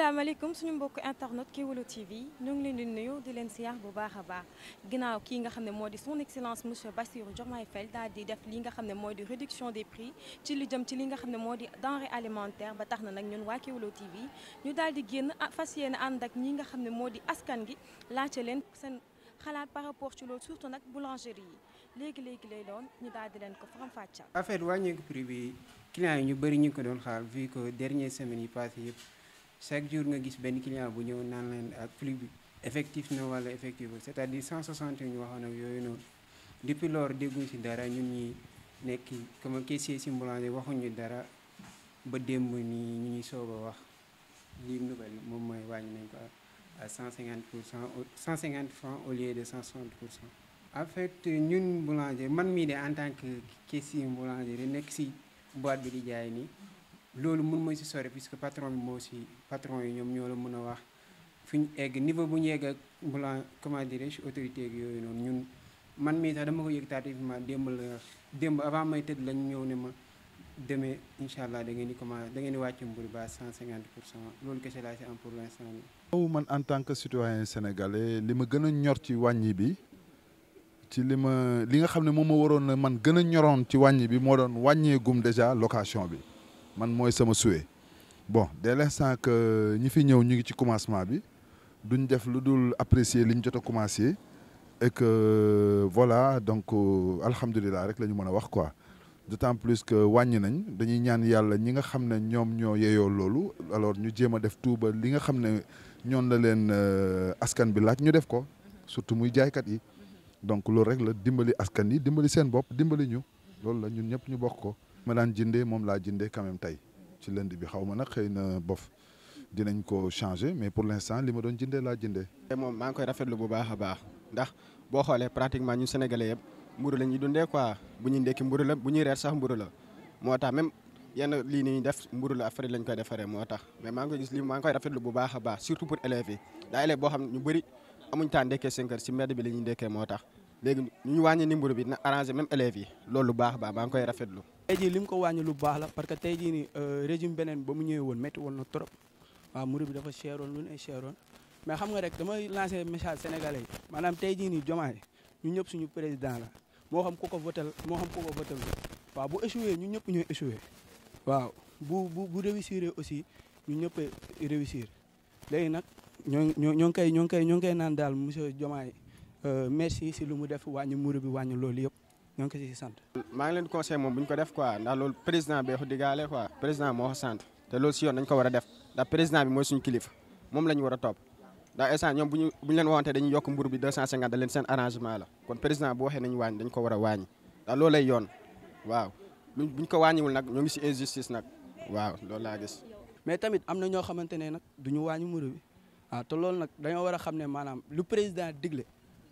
asalaamaaleykum suñu mbokk internet ki wolo TV ñu ngi leen di nuyu di leen siyaar bu baaxa baax ginaaw ki nga xamne modi son excellence monsieur Bassir Diomaye Faye daal di def li nga xamne modi mooy réduction des prix ci li jëm ci li nga xamne modi denrées alimentaires ba taxna nak nag ñun waa wolo TV ñu daal di genn ah, fas yéene ak ñi nga xamne modi askan gi laajte leen seen xalaat par rapport ci loolu surtout nak boulangerie légui légui lay doon ñu daal di leen ko faram fàccal. affaire wàññeeku prix bi client yi ñu bari ñu ko doon xaar vu que dernier semaine yi passé yëpp. chaque jour nga gis benn client bu ñëw naan leen ak ah, plus bi effectif na wala effectif c'est-à-dire 160 ñu waxoon ak yooyu noonu depuis lors déggu si dara ñun ñi nekk comme caissier si boulanger waxuñu dara ba démb ni ñu ñuy soog a wax lii nouvelle moom mooy wàññi nañ ko à 150 pour cent 150 francs au lieu de 160 pour cent en fait ñun boulanger man mii de en tant que caissier boulanger nekk si boîte bi di jaay nii loolu mun ma si sore puisque patron bi moo si patron yi ñoom ñoo la mën a wax fi ñu egg niveau bu ñu yegg ak mblan comment dirais-je autorité yooyu noonu ñun man mii tax dama ko yëg tardivement démb la démb avant may tëdd lañ ñëw ne ma demee incha allah da ngeen di commencé da ngeen di wàcc mburu ba 150 pour cent loolu kese laa si am pour l'instant bi man en tant que citoyen sénégalais li ma gën a ñor ci wàññi bi ci li ma li nga xam ne moom ma waroon na man gën a ñoroon ci wàññi bi moo doon wàññeegum déjà location bi man moy sama souhait bon dès l'instant que ñi fi ñëw ñu ngi ci commencement bi duñ def lu apprécier li ñu commencer, et que voilà donc euh, alhamdoulillah rek lañu mëna wax quoi d'autant plus que wàññi nañ dañuy ñaan yalla ñi nga xamné ñom ñoom ñoo yeyoo loolu alors ñu jema a def tuuba li nga xamné ne ñoon la leen euh, askan bi laaj ñu def ko surtout muy kat yi donc loolu rek la dimbali askan yi dimbali sen bop dimbali ñu loolu la ñun ñep ñu bokko ma daan jëndee mom la jëndee quand même tay ci lënd bi xawma nak xeyna bof dinañ ko changer mais pour l'instant li ma doon jëndee laa jëndee. mom ma ngi koy rafetlu bu baaxa baax ndax bo xolé pratiquement ñu sénégalais yëpp mburu la ñuy dundee quoi bu ñu ndéki mburu la bu ñu reer sax mburu la motax tax même yenn lii nii def mburu la affaire lañ koy défaré motax mais ma ngi koy gis li ma ngi koy rafetlu bu baaxa baax surtout pour élèves yi daa élèves bo xam ñu bëri amuñ temps ndéké seen kër si mbedd bi la ñuy ndekkee moo léegi ñu ñu wàññi numéro bi na arrangé même élèves yi loolu lu baax baax maa ngi koy rafetlu. tey jii li mu ko wàññi lu baax la parce que tey jii nii euh, régime beneen ba mu ñëwee woon métti woon na trop waaw mburu bi dafa cheroon lu ne cheroon mais xam nga rek damay lancé message sénégalais yi maanaam tey jii nii Diomaye ñu ñëpp suñu président la moo xam ku ko votel moo xam ku ko votel waaw bu échoué ñu ñëpp ñooy échoué waaw bu bu bu réussir aussi ñu ñëpp réussir léegi nag ñoo ñoo ñoo ngi koy ñoo koy ñoo ngi koy naan daal monsieur Diomaye Euh, merci si lu mu def wàññi muru bi wàññi loolu yëpp ñoo ngi ko si sant. maa ngi leen di conseillé moom bu ñu ko def quoi ndax loolu président bee ko digaale quoi président moo ko sant te loolu si yoon dañ a def ndax président bi mooy suñu kilifa moom la a topp ndax instant ñoom bu ñu bu leen woowante dañuy yokk mburu bi 250 da leen seen ko war a wàññi ndax loolu yoon waaw bu ñu ko wàññiwul nag ñoo ngi si injustice nag waaw loolu laa gis. mais tamit am na ñoo xamante ne nag du ñu wàññi mburu bi ah loolu nag dañoo war a xam ne maanaam lu président digle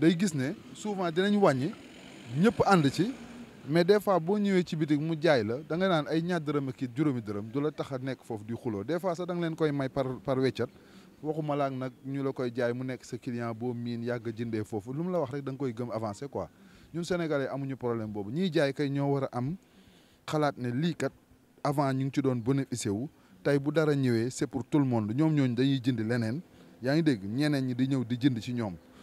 day gis ne souvent dinañ wàññi ñëpp ànd ci mais des fois boo ñëwee ci bitik mu jaay la da nga naan ay ñaar dërëm ak juróomi dërëm du la tax a nekk foofu di xuloo des fois sax danga leen koy may par par weccat waxuma laak nag ñu la koy jaay mu nekk sa client boo miin yàgg a jëndee foofu lu mu la wax rek da nga koy gëm avancer quoi ñun sénégalais amuñu problème boobu ñiy jaay kay ñoo war a am xalaat ne lii kat avant ñu ngi ci doon bénéficié wu tey bu dara ñëwee c'est pour tout le monde ñoom ñooñu dañuy jënd leneen yaa ngi dégg ñeneen ñi di ñëw di jënd ci ñoom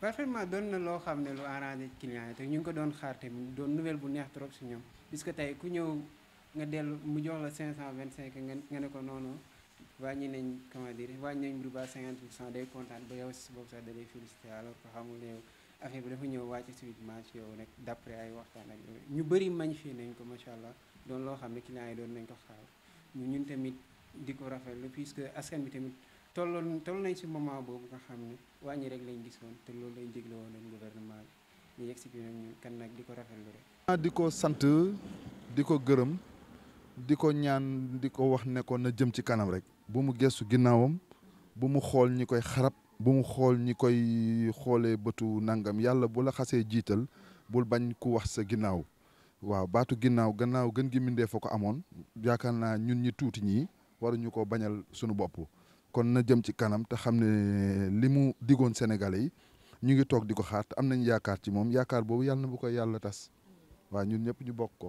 parfaitement doon na loo xam ne lu arrangé client yi te ñu ngi ko doon xaar tamit doon nouvelle bu neex trop si ñoom puisque tey ku ñëw nga dellu mu jox la 525 nga ne ko noonu wàññi nañ comment dire wàññi nañ mbir ba 50 pour cent day kontaan ba yow si boobu sax da lay félicité alors que dafa ñëw wàcc subitement si yow nag d' après ñu bëri magnifié nañ ko macha allah doon loo xam ne client yi doon nañ ko xaar ñun tamit di ko rafetlu puisque askan bi tamit. tolloon toll nañ si moment boobu nga xam ne wàññi rek lañ gisoon te loolu lañ jégle woon ak gouvernement bi ñu expliqué ñu kan nag ah, di ko sant di ko gërëm di ko ñaan di ko wax ne ko na jëm ci kanam rek. bu mu gestu ginnaawam bu mu xool ñi koy xarab. bu mu xool ñi koy xoolee bëtu nangam yàlla bu la xasee jiital bul bañ ku wax sa ginnaaw waaw baatu ginnaaw gannaaw gën gi mindee foo ko amoon yaakaar naa ñun ñi tuuti ñii waruñu ko bañal sunu bopp. kon na jëm ci kanam te xam ne li mu digoon Sénégalais yi ñu ngi toog di ko xaar te am nañ yaakaar ci moom yaakaar boobu yàlla na bu ko yàlla tas waa ñun ñëpp ñu bokk ko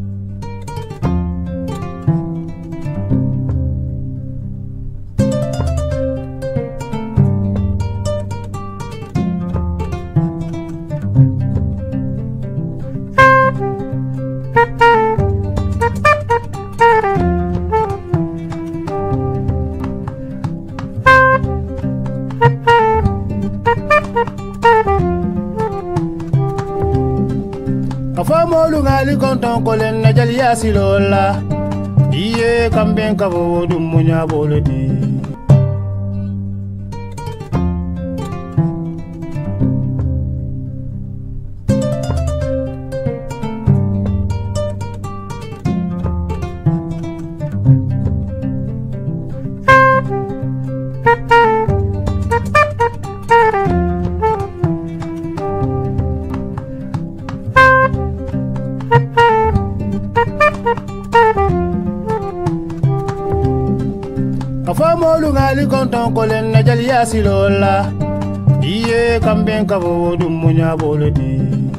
molu ngali konton kolen na jali yasilo iye kamben kabo dum bolodi a fɔ molu ŋali kɔntɔn kolen na jaliya silola i ye kanbɛn ka fɔ dumunɲa bolo di